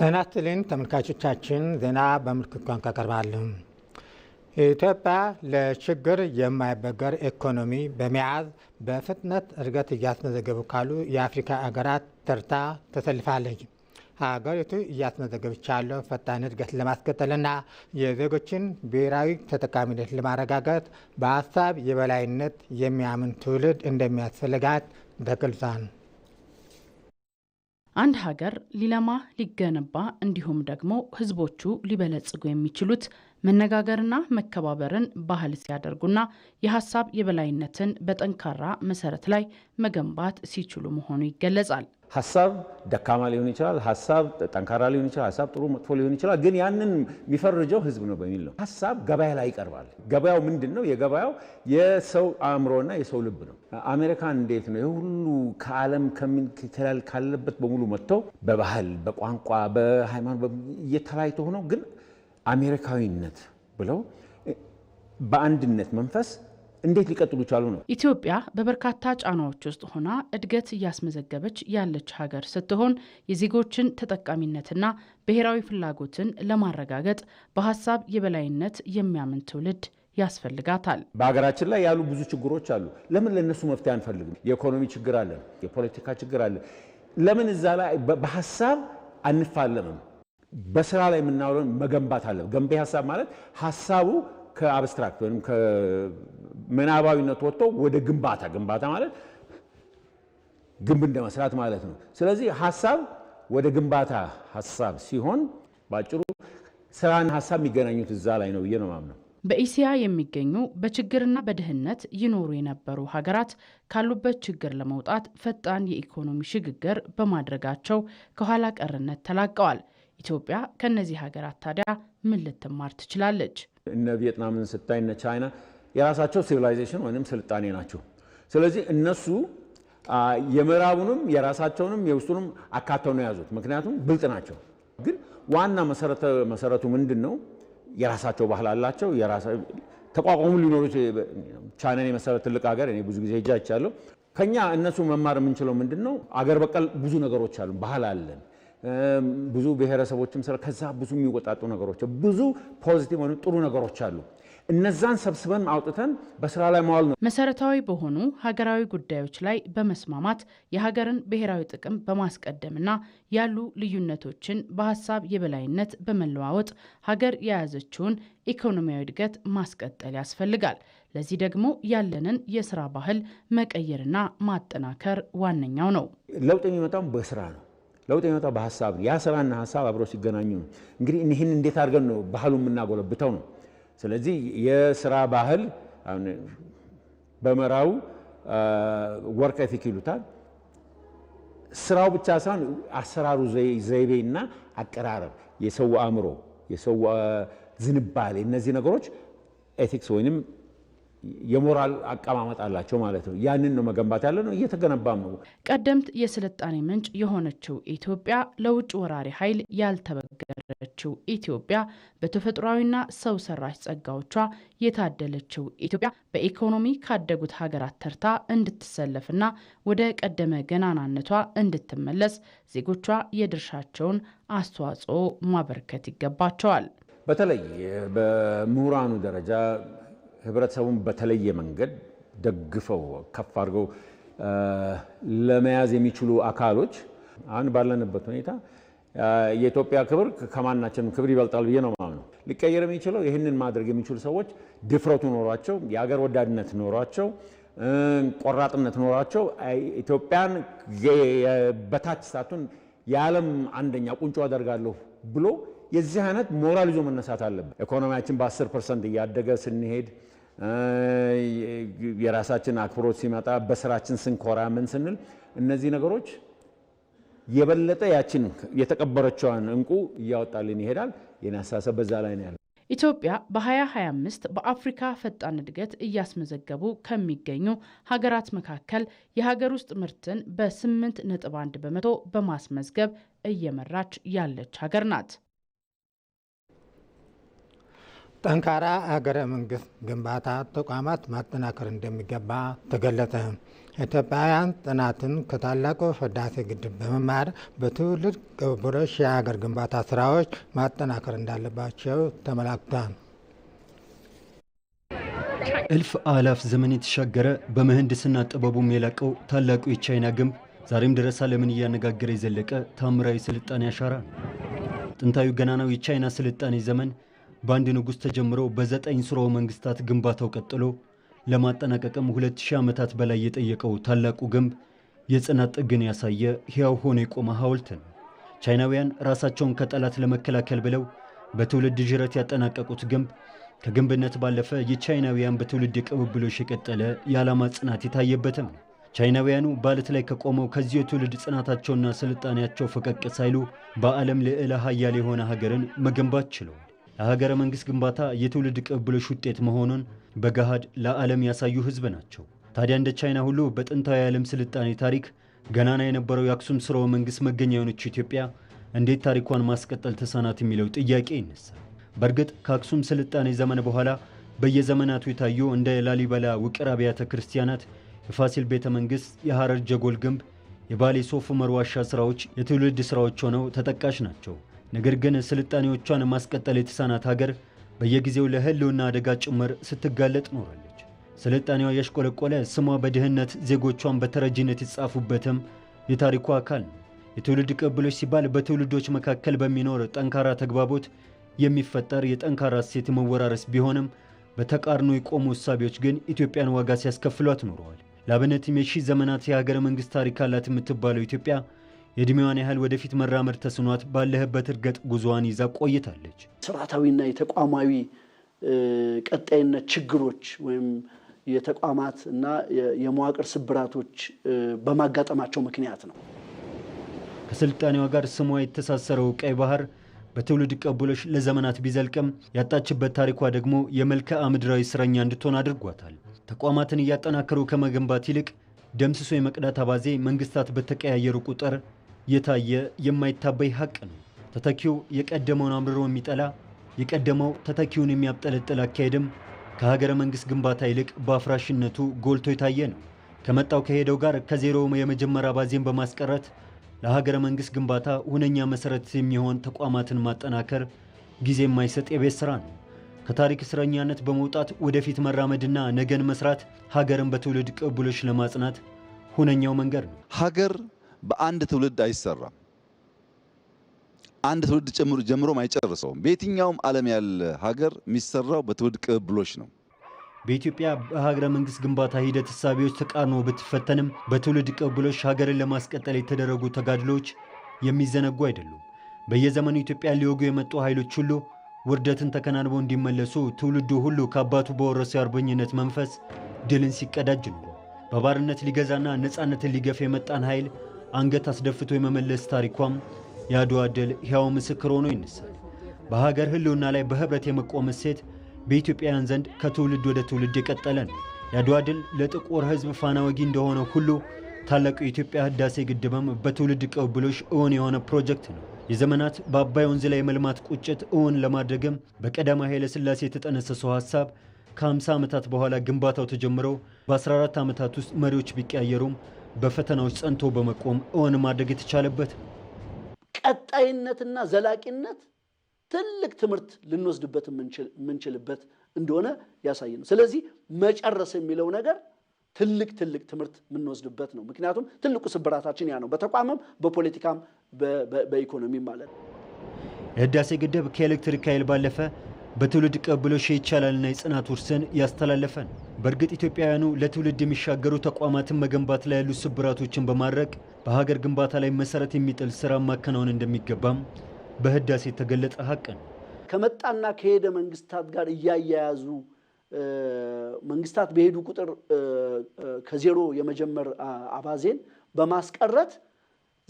ጤና ይስጥልን ተመልካቾቻችን፣ ዜና በምልክት ቋንቋ ቀርባል። ኢትዮጵያ ለችግር የማይበገር ኢኮኖሚ በመያዝ በፍጥነት እድገት እያስመዘገቡ ካሉ የአፍሪካ አገራት ተርታ ተሰልፋለች። ሀገሪቱ እያስመዘገበች ያለው ፈጣን እድገት ለማስቀጠልና የዜጎችን ብሔራዊ ተጠቃሚነት ለማረጋገጥ በሀሳብ የበላይነት የሚያምን ትውልድ እንደሚያስፈልጋት ተገልጿል። አንድ ሀገር ሊለማ ሊገነባ እንዲሁም ደግሞ ህዝቦቹ ሊበለጽጉ የሚችሉት መነጋገርና መከባበርን ባህል ሲያደርጉና የሀሳብ የበላይነትን በጠንካራ መሰረት ላይ መገንባት ሲችሉ መሆኑ ይገለጻል። ሀሳብ ደካማ ሊሆን ይችላል። ሀሳብ ጠንካራ ሊሆን ይችላል። ሀሳብ ጥሩ መጥፎ ሊሆን ይችላል። ግን ያንን የሚፈርጀው ህዝብ ነው በሚል ነው። ሀሳብ ገበያ ላይ ይቀርባል። ገበያው ምንድን ነው? የገበያው የሰው አእምሮና የሰው ልብ ነው። አሜሪካ እንዴት ነው የሁሉ ከዓለም ከሚንክትላል ካለበት በሙሉ መጥተው በባህል በቋንቋ በሃይማኖት እየተለያይቶ ሆነው ግን አሜሪካዊነት ብለው በአንድነት መንፈስ እንዴት ሊቀጥሉ ቻሉ ነው። ኢትዮጵያ በበርካታ ጫናዎች ውስጥ ሆና እድገት እያስመዘገበች ያለች ሀገር ስትሆን የዜጎችን ተጠቃሚነትና ብሔራዊ ፍላጎትን ለማረጋገጥ በሀሳብ የበላይነት የሚያምን ትውልድ ያስፈልጋታል። በሀገራችን ላይ ያሉ ብዙ ችግሮች አሉ። ለምን ለእነሱ መፍትሄ አንፈልግም? የኢኮኖሚ ችግር አለን፣ የፖለቲካ ችግር አለን። ለምን እዛ ላይ በሀሳብ አንፋለምም? በስራ ላይ የምናውለውን መገንባት አለ። ገንቢ ሀሳብ ማለት ሀሳቡ ከአብስትራክት ወይም ከምናባዊነት ወጥቶ ወደ ግንባታ ግንባታ ማለት ግንብ እንደመስራት ማለት ነው። ስለዚህ ሀሳብ ወደ ግንባታ ሀሳብ ሲሆን ባጭሩ ስራና ሀሳብ የሚገናኙት እዛ ላይ ነው ብዬ ነው ማምነው። በኢሲያ የሚገኙ በችግርና በድህነት ይኖሩ የነበሩ ሀገራት ካሉበት ችግር ለመውጣት ፈጣን የኢኮኖሚ ሽግግር በማድረጋቸው ከኋላ ቀርነት ተላቀዋል። ኢትዮጵያ ከእነዚህ ሀገራት ታዲያ ምን ልትማር ትችላለች? እነ ቪየትናምን ስታይ እነ ቻይና የራሳቸው ሲቪላይዜሽን ወይም ስልጣኔ ናቸው። ስለዚህ እነሱ የምዕራቡንም የራሳቸውንም የውስጡንም አካተው ነው የያዙት። ምክንያቱም ብልጥ ናቸው። ግን ዋና መሰረቱ ምንድን ነው? የራሳቸው ባህል አላቸው። ተቋቋሙ ሊኖሩት ቻይናን የመሰረት ትልቅ ሀገር እኔ ብዙ ጊዜ እጃ ይቻለሁ። ከኛ እነሱ መማር የምንችለው ምንድን ነው? አገር በቀል ብዙ ነገሮች አሉ። ባህል አለን ብዙ ብሔረሰቦችም ስለ ከዛ ብዙ የሚወጣጡ ነገሮች ብዙ ፖዚቲቭ ሆኑ ጥሩ ነገሮች አሉ። እነዛን ሰብስበን አውጥተን በስራ ላይ መዋል ነው። መሰረታዊ በሆኑ ሀገራዊ ጉዳዮች ላይ በመስማማት የሀገርን ብሔራዊ ጥቅም በማስቀደምና ያሉ ልዩነቶችን በሀሳብ የበላይነት በመለዋወጥ ሀገር የያዘችውን ኢኮኖሚያዊ እድገት ማስቀጠል ያስፈልጋል። ለዚህ ደግሞ ያለንን የስራ ባህል መቀየርና ማጠናከር ዋነኛው ነው። ለውጥ የሚመጣው በስራ ነው። ለውጥ የሚመጣው በሀሳብ ያ ስራና ሀሳብ አብሮ ሲገናኙ ነው። እንግዲህ ይህን እንዴት አድርገን ነው ባህሉ የምናጎለብተው ነው። ስለዚህ የስራ ባህል በመራው ወርቅ ኤቲክ ይሉታል። ስራው ብቻ ሳይሆን አሰራሩ ዘይቤና አቀራረብ፣ የሰው አእምሮ፣ የሰው ዝንባሌ እነዚህ ነገሮች ኤቲክስ ወይንም የሞራል አቀማመጥ አላቸው ማለት ነው። ያንን ነው መገንባት ያለ ነው፣ እየተገነባም ነው። ቀደምት የስልጣኔ ምንጭ የሆነችው ኢትዮጵያ ለውጭ ወራሪ ኃይል ያልተበገረችው ኢትዮጵያ በተፈጥሯዊና ሰው ሰራሽ ጸጋዎቿ የታደለችው ኢትዮጵያ በኢኮኖሚ ካደጉት ሀገራት ተርታ እንድትሰለፍና ወደ ቀደመ ገናናነቷ እንድትመለስ ዜጎቿ የድርሻቸውን አስተዋጽኦ ማበርከት ይገባቸዋል። በተለይ በምሁራኑ ደረጃ ህብረተሰቡን በተለየ መንገድ ደግፈው ከፍ አድርገው ለመያዝ የሚችሉ አካሎች አሁን ባለንበት ሁኔታ የኢትዮጵያ ክብር ከማናችንም ክብር ይበልጣል ብዬ ነው ማምነው። ሊቀየር የሚችለው ይህንን ማድረግ የሚችሉ ሰዎች ድፍረቱ ኖሯቸው፣ የአገር ወዳድነት ኖሯቸው፣ ቆራጥነት ኖሯቸው ኢትዮጵያን በታች ሳቱን የዓለም አንደኛ ቁንጮ አደርጋለሁ ብሎ የዚህ አይነት ሞራል ይዞ መነሳት አለበት። ኢኮኖሚያችን በ10 ፐርሰንት እያደገ ስንሄድ የራሳችን አክብሮት ሲመጣ በስራችን ስንኮራ ምን ስንል እነዚህ ነገሮች የበለጠ ያችን የተቀበረችዋን እንቁ እያወጣልን ይሄዳል። የኔ አስተሳሰብ በዛ ላይ ነው ያለው። ኢትዮጵያ በ2025 በአፍሪካ ፈጣን እድገት እያስመዘገቡ ከሚገኙ ሀገራት መካከል የሀገር ውስጥ ምርትን በ8 ነጥብ 1 በመቶ በማስመዝገብ እየመራች ያለች ሀገር ናት። ጠንካራ ሀገረ መንግስት ግንባታ ተቋማት ማጠናከር እንደሚገባ ተገለጠ ኢትዮጵያውያን ጥናትን ከታላቁ ህዳሴ ግድብ በመማር በትውልድ ቅብብሎሽ የሀገር ግንባታ ስራዎች ማጠናከር እንዳለባቸው ተመላክቷል። እልፍ አላፍ ዘመን የተሻገረ በምህንድስና ጥበቡም የላቀው ታላቁ የቻይና ግንብ ዛሬም ድረስ ዓለምን እያነጋገረ የዘለቀ ታምራዊ ስልጣኔ አሻራ ነው። ጥንታዊ ገናናው የቻይና ስልጣኔ ዘመን በአንድ ንጉሥ ተጀምሮ በዘጠኝ ስርወ መንግስታት ግንባታው ቀጥሎ ለማጠናቀቅም ሺህ ዓመታት በላይ የጠየቀው ታላቁ ግንብ የጽናት ጥግን ያሳየ ሕያው ሆኖ የቆመ ሐውልት ነው። ቻይናውያን ራሳቸውን ከጠላት ለመከላከል ብለው በትውልድ ጅረት ያጠናቀቁት ግንብ ከግንብነት ባለፈ የቻይናውያን በትውልድ ቅብብሎሽ የቀጠለ የዓላማ ጽናት የታየበትም ነው። ቻይናውያኑ በዓለት ላይ ከቆመው ከዚህ የትውልድ ጽናታቸውና ስልጣኔያቸው ፈቀቅ ሳይሉ በዓለም ልዕለ ኃያል የሆነ ሀገርን መገንባት ችለው ለሀገረ መንግሥት ግንባታ የትውልድ ቅብብሎሽ ውጤት መሆኑን በገሃድ ለዓለም ያሳዩ ሕዝብ ናቸው። ታዲያ እንደ ቻይና ሁሉ በጥንታዊ የዓለም ስልጣኔ ታሪክ ገናና የነበረው የአክሱም ስርወ መንግሥት መገኛ የሆነች ኢትዮጵያ እንዴት ታሪኳን ማስቀጠል ተሳናት የሚለው ጥያቄ ይነሳል። በእርግጥ ከአክሱም ስልጣኔ ዘመን በኋላ በየዘመናቱ የታዩ እንደ ላሊበላ ውቅር አብያተ ክርስቲያናት፣ የፋሲል ቤተ መንግሥት፣ የሐረር ጀጎል ግንብ፣ የባሌ ሶፍ ዑመር ዋሻ ሥራዎች የትውልድ ሥራዎች ሆነው ተጠቃሽ ናቸው። ነገር ግን ስልጣኔዎቿን ማስቀጠል የተሳናት ሀገር በየጊዜው ለህልውና አደጋ ጭምር ስትጋለጥ ኖራለች። ስልጣኔዋ ያሽቆለቆለ ስሟ በድህነት ዜጎቿን በተረጂነት የተጻፉበትም የታሪኩ አካል ነው። የትውልድ ቅብብሎች ሲባል በትውልዶች መካከል በሚኖር ጠንካራ ተግባቦት የሚፈጠር የጠንካራ እሴት መወራረስ ቢሆንም በተቃርኖ የቆሙ እሳቤዎች ግን ኢትዮጵያን ዋጋ ሲያስከፍሏት ኖረዋል። ለአብነትም የሺህ ዘመናት የሀገረ መንግሥት ታሪክ አላት የምትባለው ኢትዮጵያ የእድሜዋን ያህል ወደፊት መራመድ ተስኗት ባለህበት እርገጥ ጉዞዋን ይዛ ቆይታለች። ስርዓታዊና የተቋማዊ ቀጣይነት ችግሮች ወይም የተቋማት እና የመዋቅር ስብራቶች በማጋጠማቸው ምክንያት ነው። ከስልጣኔዋ ጋር ስሟ የተሳሰረው ቀይ ባህር በትውልድ ቀብሎች ለዘመናት ቢዘልቅም ያጣችበት ታሪኳ ደግሞ የመልክዓ ምድራዊ እስረኛ እንድትሆን አድርጓታል። ተቋማትን እያጠናከሩ ከመገንባት ይልቅ ደምስሶ የመቅዳት አባዜ መንግስታት በተቀያየሩ ቁጥር የታየ የማይታበይ ሀቅ ነው። ተተኪው የቀደመውን አምርሮ የሚጠላ የቀደመው ተተኪውን የሚያብጠለጥል አካሄድም ከሀገረ መንግሥት ግንባታ ይልቅ በአፍራሽነቱ ጎልቶ የታየ ነው። ከመጣው ከሄደው ጋር ከዜሮ የመጀመሪያ ባዜን በማስቀረት ለሀገረ መንግሥት ግንባታ ሁነኛ መሰረት የሚሆን ተቋማትን ማጠናከር ጊዜ የማይሰጥ የቤት ስራ ነው። ከታሪክ እስረኛነት በመውጣት ወደፊት መራመድና ነገን መስራት ሀገርን በትውልድ ቅቡሎች ለማጽናት ሁነኛው መንገድ ነው። ሀገር በአንድ ትውልድ አይሰራም። አንድ ትውልድ ጀምሮም አይጨርሰውም። በየትኛውም ዓለም ያለ ሀገር የሚሰራው በትውልድ ቅብብሎች ነው። በኢትዮጵያ በሀገረ መንግስት ግንባታ ሂደት እሳቤዎች ተቃርኖ ብትፈተንም በትውልድ ቅብብሎች ሀገርን ለማስቀጠል የተደረጉ ተጋድሎች የሚዘነጉ አይደሉም። በየዘመኑ ኢትዮጵያ ሊወጉ የመጡ ኃይሎች ሁሉ ውርደትን ተከናንበው እንዲመለሱ ትውልዱ ሁሉ ከአባቱ በወረሰው የአርበኝነት መንፈስ ድልን ሲቀዳጅ ነው። በባርነት ሊገዛና ነፃነትን ሊገፍ የመጣን ኃይል አንገት አስደፍቶ የመመለስ ታሪኳም የአድዋ ድል ሕያው ምስክር ሆኖ ይነሳል። በሀገር ህልውና ላይ በህብረት የመቆም እሴት በኢትዮጵያውያን ዘንድ ከትውልድ ወደ ትውልድ የቀጠለ ነው። የአድዋ ድል ለጥቁር ህዝብ ፋና ወጊ እንደሆነ ሁሉ ታላቁ የኢትዮጵያ ህዳሴ ግድብም በትውልድ ቅብብሎሽ እውን የሆነ ፕሮጀክት ነው። የዘመናት በአባይ ወንዝ ላይ መልማት ቁጭት እውን ለማድረግም በቀዳማዊ ኃይለ ሥላሴ የተጠነሰሰው ሀሳብ ከ50 ዓመታት በኋላ ግንባታው ተጀምሮ በ14 ዓመታት ውስጥ መሪዎች ቢቀያየሩም በፈተናዎች ጸንቶ በመቆም እውን ማድረግ የተቻለበት ቀጣይነትና ዘላቂነት ትልቅ ትምህርት ልንወስድበት የምንችልበት እንደሆነ ያሳይ ነው። ስለዚህ መጨረስ የሚለው ነገር ትልቅ ትልቅ ትምህርት የምንወስድበት ነው። ምክንያቱም ትልቁ ስብራታችን ያ ነው፣ በተቋምም በፖለቲካም በኢኮኖሚም ማለት ነው። የህዳሴ ግድብ ከኤሌክትሪክ ኃይል ባለፈ በትውልድ ቀብሎ ሼ ይቻላልና የጽናት ውርስን ያስተላለፈን። በእርግጥ ኢትዮጵያውያኑ ለትውልድ የሚሻገሩ ተቋማትን መገንባት ላይ ያሉ ስብራቶችን በማድረግ በሀገር ግንባታ ላይ መሰረት የሚጥል ስራ ማከናወን እንደሚገባም በህዳሴ የተገለጸ ሀቅን ከመጣና ከሄደ መንግስታት ጋር እያያያዙ መንግስታት በሄዱ ቁጥር ከዜሮ የመጀመር አባዜን በማስቀረት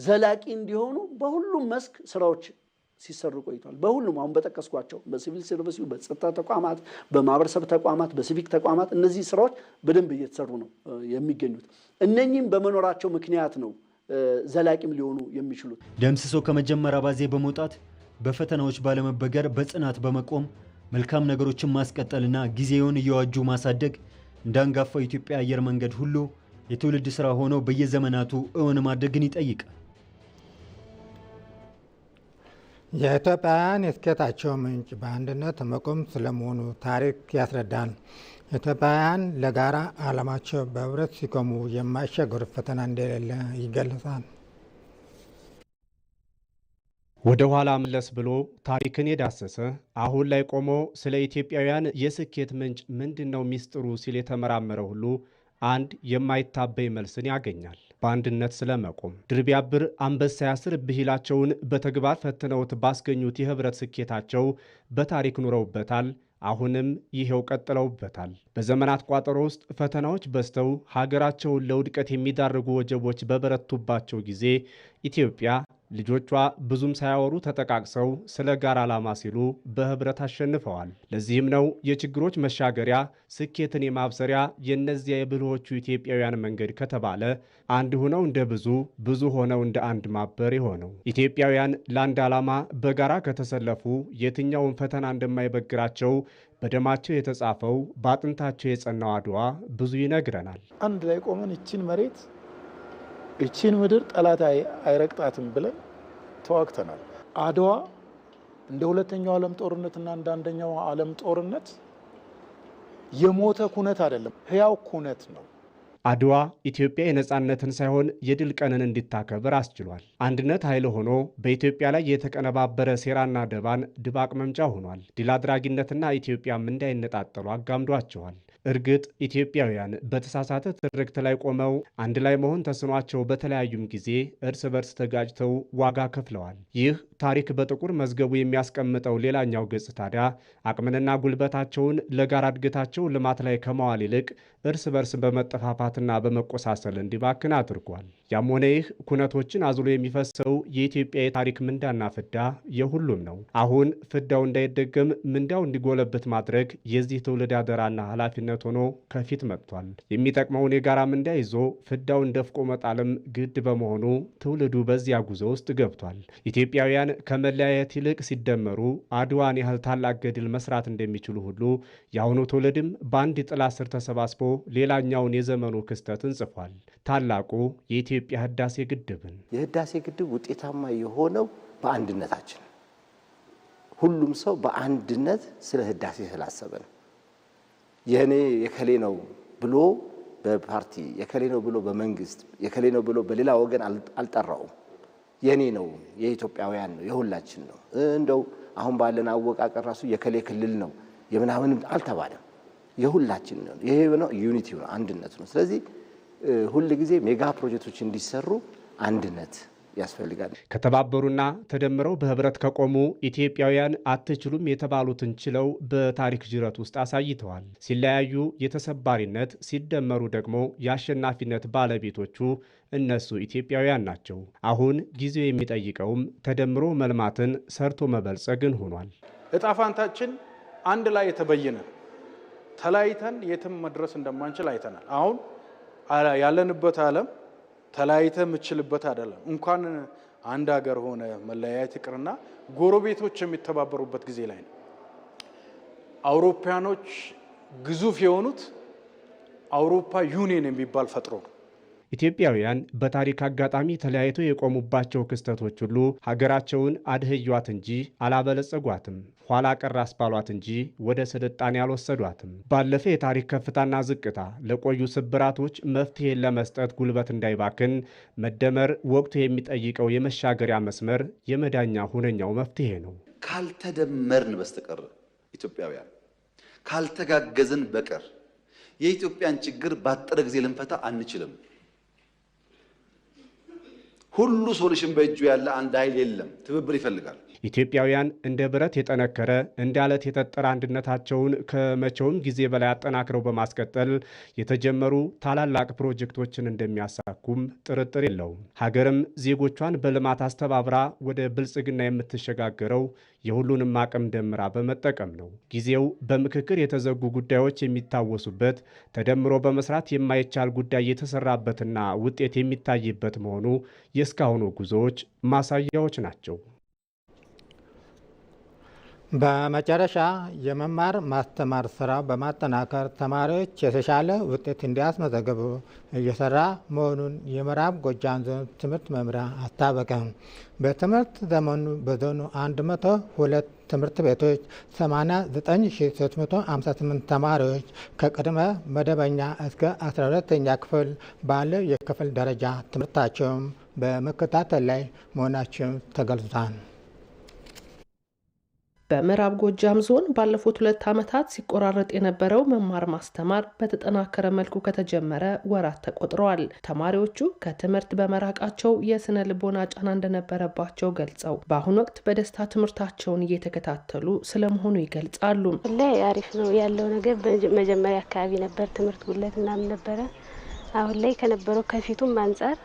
ዘላቂ እንዲሆኑ በሁሉም መስክ ስራዎች ሲሰሩ ቆይቷል። በሁሉም አሁን በጠቀስኳቸው በሲቪል ሰርቪስ፣ በጸጥታ ተቋማት፣ በማህበረሰብ ተቋማት፣ በሲቪክ ተቋማት እነዚህ ስራዎች በደንብ እየተሰሩ ነው የሚገኙት። እነኚህም በመኖራቸው ምክንያት ነው ዘላቂም ሊሆኑ የሚችሉት። ደምስሶ ከመጀመሪያ ባዜ በመውጣት በፈተናዎች ባለመበገር በጽናት በመቆም መልካም ነገሮችን ማስቀጠልና ጊዜውን እየዋጁ ማሳደግ እንደ አንጋፋው የኢትዮጵያ አየር መንገድ ሁሉ የትውልድ ስራ ሆኖ በየዘመናቱ እውን ማድረግን ይጠይቃል። የኢትዮጵያውያን የስኬታቸው ምንጭ በአንድነት መቆም ስለመሆኑ ታሪክ ያስረዳል። ኢትዮጵያውያን ለጋራ ዓላማቸው በህብረት ሲቆሙ የማይሸገሩት ፈተና እንደሌለ ይገልጻል። ወደ ኋላ መለስ ብሎ ታሪክን የዳሰሰ አሁን ላይ ቆሞ ስለ ኢትዮጵያውያን የስኬት ምንጭ ምንድን ነው ሚስጥሩ ሲል የተመራመረ ሁሉ አንድ የማይታበይ መልስን ያገኛል። በአንድነት ስለመቆም ድርቢያብር አንበሳ ያስር ብሂላቸውን በተግባር ፈትነውት ባስገኙት የህብረት ስኬታቸው በታሪክ ኑረውበታል። አሁንም ይሄው ቀጥለውበታል። በዘመናት ቋጠሮ ውስጥ ፈተናዎች በዝተው ሀገራቸውን ለውድቀት የሚዳርጉ ወጀቦች በበረቱባቸው ጊዜ ኢትዮጵያ ልጆቿ ብዙም ሳያወሩ ተጠቃቅሰው ስለ ጋራ ዓላማ ሲሉ በህብረት አሸንፈዋል። ለዚህም ነው የችግሮች መሻገሪያ ስኬትን የማብሰሪያ የእነዚያ የብልሆቹ ኢትዮጵያውያን መንገድ ከተባለ አንድ ሆነው እንደ ብዙ ብዙ ሆነው እንደ አንድ ማበር የሆነው። ኢትዮጵያውያን ለአንድ ዓላማ በጋራ ከተሰለፉ የትኛውን ፈተና እንደማይበግራቸው በደማቸው የተጻፈው በአጥንታቸው የጸናው አድዋ ብዙ ይነግረናል። አንድ ላይ ቆመን ይችን መሬት እቺን ምድር ጠላት አይረግጣትም ብለን ተዋግተናል። አድዋ እንደ ሁለተኛው ዓለም ጦርነትና እንደ አንደኛው ዓለም ጦርነት የሞተ ኩነት አይደለም፣ ህያው ኩነት ነው። አድዋ ኢትዮጵያ የነፃነትን ሳይሆን የድል ቀንን እንድታከብር አስችሏል። አንድነት ኃይል ሆኖ በኢትዮጵያ ላይ የተቀነባበረ ሴራና ደባን ድባቅ መምጫ ሆኗል። ድል አድራጊነትና ኢትዮጵያም እንዳይነጣጠሉ አጋምዷቸዋል። እርግጥ ኢትዮጵያውያን በተሳሳተ ትርክት ላይ ቆመው አንድ ላይ መሆን ተስኗቸው በተለያዩም ጊዜ እርስ በርስ ተጋጭተው ዋጋ ከፍለዋል። ይህ ታሪክ በጥቁር መዝገቡ የሚያስቀምጠው ሌላኛው ገጽ ታዲያ አቅምንና ጉልበታቸውን ለጋራ እድገታቸው ልማት ላይ ከማዋል ይልቅ እርስ በርስ በመጠፋፋትና በመቆሳሰል እንዲባክን አድርጓል። ያም ሆነ ይህ ኩነቶችን አዝሎ የሚፈሰው የኢትዮጵያ የታሪክ ምንዳና ፍዳ የሁሉም ነው። አሁን ፍዳው እንዳይደገም ምንዳው እንዲጎለበት ማድረግ የዚህ ትውልድ አደራና ኃላፊነት መሰረት ሆኖ ከፊት መጥቷል። የሚጠቅመውን የጋራ ምንዳ ይዞ ፍዳውን ደፍቆ መጣልም ግድ በመሆኑ ትውልዱ በዚያ ጉዞ ውስጥ ገብቷል። ኢትዮጵያውያን ከመለያየት ይልቅ ሲደመሩ አድዋን ያህል ታላቅ ገድል መስራት እንደሚችሉ ሁሉ የአሁኑ ትውልድም በአንድ ጥላ ስር ተሰባስቦ ሌላኛውን የዘመኑ ክስተትን ጽፏል። ታላቁ የኢትዮጵያ ህዳሴ ግድብን የህዳሴ ግድብ ውጤታማ የሆነው በአንድነታችን ሁሉም ሰው በአንድነት ስለ ህዳሴ ስላሰበ ነው። የእኔ የከሌ ነው ብሎ በፓርቲ የከሌ ነው ብሎ በመንግስት የከሌ ነው ብሎ በሌላ ወገን አልጠራውም። የእኔ ነው፣ የኢትዮጵያውያን ነው፣ የሁላችን ነው። እንደው አሁን ባለን አወቃቀር ራሱ የከሌ ክልል ነው የምናምንም አልተባለም። የሁላችን ነው። ይሄ ነው ዩኒቲ ነው፣ አንድነት ነው። ስለዚህ ሁል ጊዜ ሜጋ ፕሮጀክቶች እንዲሰሩ አንድነት ያስፈልጋል። ከተባበሩና ተደምረው በህብረት ከቆሙ ኢትዮጵያውያን አትችሉም የተባሉትን ችለው በታሪክ ጅረት ውስጥ አሳይተዋል። ሲለያዩ የተሰባሪነት፣ ሲደመሩ ደግሞ የአሸናፊነት ባለቤቶቹ እነሱ ኢትዮጵያውያን ናቸው። አሁን ጊዜው የሚጠይቀውም ተደምሮ መልማትን ሰርቶ መበልጸግን ሆኗል። እጣፋንታችን አንድ ላይ የተበየነ ተለያይተን የትም መድረስ እንደማንችል አይተናል። አሁን ያለንበት ዓለም ተለያይተ የምችልበት አይደለም። እንኳን አንድ ሀገር ሆነ መለያየት ይቅርና ጎረቤቶች የሚተባበሩበት ጊዜ ላይ ነው። አውሮፓያኖች ግዙፍ የሆኑት አውሮፓ ዩኒየን የሚባል ፈጥሮ ነው። ኢትዮጵያውያን በታሪክ አጋጣሚ ተለያይተው የቆሙባቸው ክስተቶች ሁሉ ሀገራቸውን አድህያት እንጂ አላበለጸጓትም፣ ኋላ ቀር አስባሏት እንጂ ወደ ስልጣኔ አልወሰዷትም። ባለፈ የታሪክ ከፍታና ዝቅታ ለቆዩ ስብራቶች መፍትሄን ለመስጠት ጉልበት እንዳይባክን መደመር ወቅቱ የሚጠይቀው የመሻገሪያ መስመር የመዳኛ ሁነኛው መፍትሄ ነው። ካልተደመርን በስተቀር ኢትዮጵያውያን ካልተጋገዝን በቀር የኢትዮጵያን ችግር ባጠረ ጊዜ ልንፈታ አንችልም። ሁሉ ሶሉሽን በእጁ ያለ አንድ ኃይል የለም። ትብብር ይፈልጋል። ኢትዮጵያውያን እንደ ብረት የጠነከረ እንደ አለት የጠጠረ አንድነታቸውን ከመቼውም ጊዜ በላይ አጠናክረው በማስቀጠል የተጀመሩ ታላላቅ ፕሮጀክቶችን እንደሚያሳኩም ጥርጥር የለውም። ሀገርም ዜጎቿን በልማት አስተባብራ ወደ ብልጽግና የምትሸጋገረው የሁሉንም አቅም ደምራ በመጠቀም ነው። ጊዜው በምክክር የተዘጉ ጉዳዮች የሚታወሱበት ተደምሮ በመስራት የማይቻል ጉዳይ የተሰራበትና ውጤት የሚታይበት መሆኑ የእስካሁኑ ጉዞዎች ማሳያዎች ናቸው። በመጨረሻ የመማር ማስተማር ስራ በማጠናከር ተማሪዎች የተሻለ ውጤት እንዲያስመዘግቡ እየሰራ መሆኑን የምዕራብ ጎጃም ዞን ትምህርት መምሪያ አስታወቀ። በትምህርት ዘመኑ በዞኑ 102 ትምህርት ቤቶች 89358 ተማሪዎች ከቅድመ መደበኛ እስከ 12ኛ ክፍል ባለ የክፍል ደረጃ ትምህርታቸውም በመከታተል ላይ መሆናቸው ተገልጿል። በምዕራብ ጎጃም ዞን ባለፉት ሁለት ዓመታት ሲቆራረጥ የነበረው መማር ማስተማር በተጠናከረ መልኩ ከተጀመረ ወራት ተቆጥረዋል። ተማሪዎቹ ከትምህርት በመራቃቸው የስነ ልቦና ጫና እንደነበረባቸው ገልጸው በአሁኑ ወቅት በደስታ ትምህርታቸውን እየተከታተሉ ስለመሆኑ ይገልጻሉ። ላይ አሪፍ ነው ያለው ነገር መጀመሪያ አካባቢ ነበር ትምህርት ጉለት ምናምን ነበረ። አሁን ላይ ከነበረው ከፊቱም አንጻር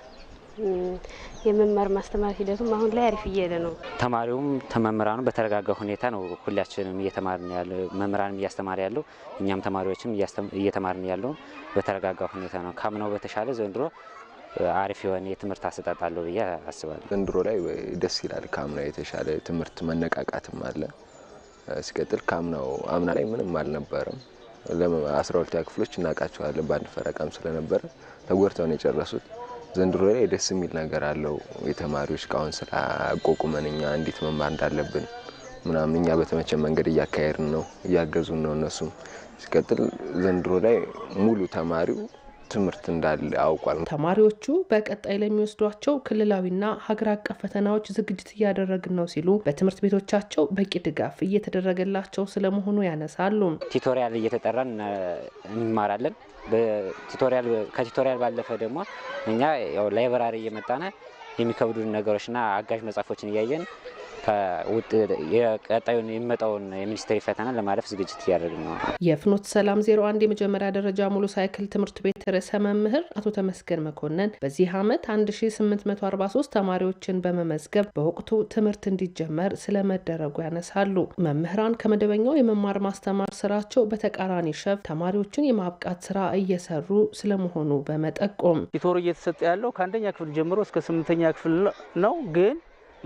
የመማር ማስተማር ሂደቱም አሁን ላይ አሪፍ እየሄደ ነው። ተማሪውም መምህራኑ በተረጋጋ ሁኔታ ነው ሁላችንም እየተማርን ያለ መምህራንም እያስተማር ያለው እኛም ተማሪዎችም እየተማርን ያለው በተረጋጋ ሁኔታ ነው። ካምናው በተሻለ ዘንድሮ አሪፍ የሆነ የትምህርት አሰጣጥ አለው ብዬ አስባለሁ። ዘንድሮ ላይ ደስ ይላል። ካምናው የተሻለ ትምህርት መነቃቃትም አለ። ሲቀጥል ካምናው አምና ላይ ምንም አልነበረም። አስራ ሁለተኛ ክፍሎች እናውቃቸዋለን በአንድ ፈረቃም ስለነበረ ተጎድተው ነው የጨረሱት። ዘንድሮ ላይ ደስ የሚል ነገር አለው። የተማሪዎች ካውንስል አቋቁመን እኛ እንዴት መማር እንዳለብን ምናምን እኛ በተመቸ መንገድ እያካሄድን ነው፣ እያገዙን ነው እነሱም። ሲቀጥል ዘንድሮ ላይ ሙሉ ተማሪው ትምህርት እንዳለ ያውቋል። ተማሪዎቹ በቀጣይ ለሚወስዷቸው ክልላዊና ሀገር አቀፍ ፈተናዎች ዝግጅት እያደረግን ነው ሲሉ በትምህርት ቤቶቻቸው በቂ ድጋፍ እየተደረገላቸው ስለመሆኑ ያነሳሉ። ቲቶሪያል እየተጠራን እንማራለን። ከቲቶሪያል ባለፈ ደግሞ እኛ ላይብራሪ እየመጣነ የሚከብዱን ነገሮችና አጋዥ መጽሐፎችን እያየን ቀጣዩን የሚመጣውን የሚኒስቴር ፈተና ለማለፍ ዝግጅት እያደረግን ነው። የፍኖት ሰላም አንድ የመጀመሪያ ደረጃ ሙሉ ሳይክል ትምህርት ቤት ርዕሰ መምህር አቶ ተመስገን መኮንን በዚህ ዓመት 1843 ተማሪዎችን በመመዝገብ በወቅቱ ትምህርት እንዲጀመር ስለመደረጉ ያነሳሉ። መምህራን ከመደበኛው የመማር ማስተማር ስራቸው በተቃራኒ ሸፍ ተማሪዎችን የማብቃት ስራ እየሰሩ ስለመሆኑ በመጠቆም ቲቶር እየተሰጠ ያለው ከአንደኛ ክፍል ጀምሮ እስከ ስምንተኛ ክፍል ነው ግን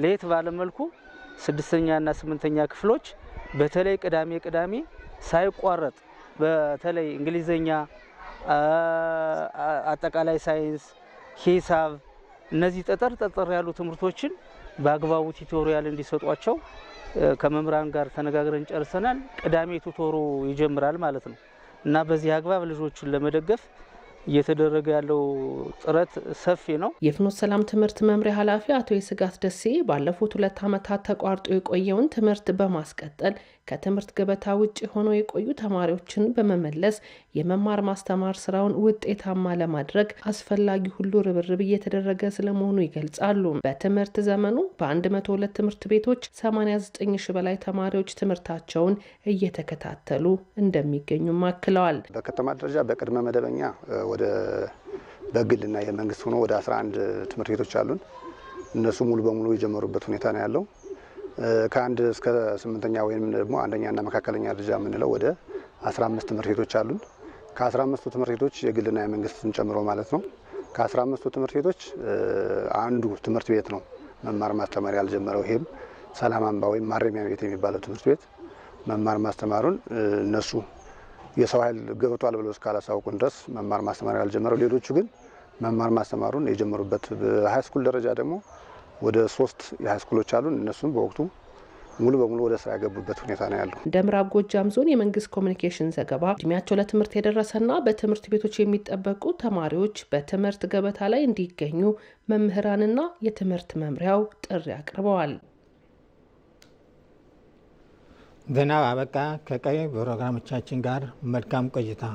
ለየት ባለመልኩ ስድስተኛና ስምንተኛ ክፍሎች በተለይ ቅዳሜ ቅዳሜ ሳይቋረጥ በተለይ እንግሊዘኛ፣ አጠቃላይ ሳይንስ፣ ሂሳብ እነዚህ ጠጠር ጠጠር ያሉ ትምህርቶችን በአግባቡ ቲቶሪያል እንዲሰጧቸው ከመምህራን ጋር ተነጋግረን ጨርሰናል። ቅዳሜ ቱቶሮ ይጀምራል ማለት ነው እና በዚህ አግባብ ልጆቹን ለመደገፍ እየተደረገ ያለው ጥረት ሰፊ ነው። የፍኖት ሰላም ትምህርት መምሪያ ኃላፊ አቶ የስጋት ደሴ ባለፉት ሁለት ዓመታት ተቋርጦ የቆየውን ትምህርት በማስቀጠል ከትምህርት ገበታ ውጭ ሆነው የቆዩ ተማሪዎችን በመመለስ የመማር ማስተማር ስራውን ውጤታማ ለማድረግ አስፈላጊ ሁሉ ርብርብ እየተደረገ ስለመሆኑ ይገልጻሉ። በትምህርት ዘመኑ በ102 ትምህርት ቤቶች 89 ሺ በላይ ተማሪዎች ትምህርታቸውን እየተከታተሉ እንደሚገኙም አክለዋል። በከተማ ደረጃ በቅድመ መደበኛ ወደ በግልና የመንግስት ሆኖ ወደ 11 ትምህርት ቤቶች አሉን። እነሱ ሙሉ በሙሉ የጀመሩበት ሁኔታ ነው ያለው። ከአንድ እስከ ስምንተኛ ወይም ደግሞ አንደኛና መካከለኛ ደረጃ የምንለው ወደ አምስት ትምህርት ቤቶች አሉን ከአስራ አምስቱ ትምህርት ቤቶች የግልና የመንግስትን ጨምሮ ማለት ነው ከአስራ አምስቱ ትምህርት ቤቶች አንዱ ትምህርት ቤት ነው መማር ማስተማር ያልጀመረው። ይሄም ሰላም አምባ ወይም ማረሚያ ቤት የሚባለው ትምህርት ቤት መማር ማስተማሩን እነሱ የሰው ኃይል ገብቷል ብለው እስካላሳውቁን ድረስ መማር ማስተማር ያልጀመረው፣ ሌሎቹ ግን መማር ማስተማሩን የጀመሩበት በሀይስኩል ደረጃ ደግሞ ወደ ሶስት የሃይስኩሎች አሉን። እነሱም በወቅቱ ሙሉ በሙሉ ወደ ስራ የገቡበት ሁኔታ ነው ያለው። እንደ ምዕራብ ጎጃም ዞን የመንግስት ኮሚኒኬሽን ዘገባ እድሜያቸው ለትምህርት የደረሰና በትምህርት ቤቶች የሚጠበቁ ተማሪዎች በትምህርት ገበታ ላይ እንዲገኙ መምህራንና የትምህርት መምሪያው ጥሪ አቅርበዋል። ዜና አበቃ። ከቀይ ፕሮግራሞቻችን ጋር መልካም ቆይታ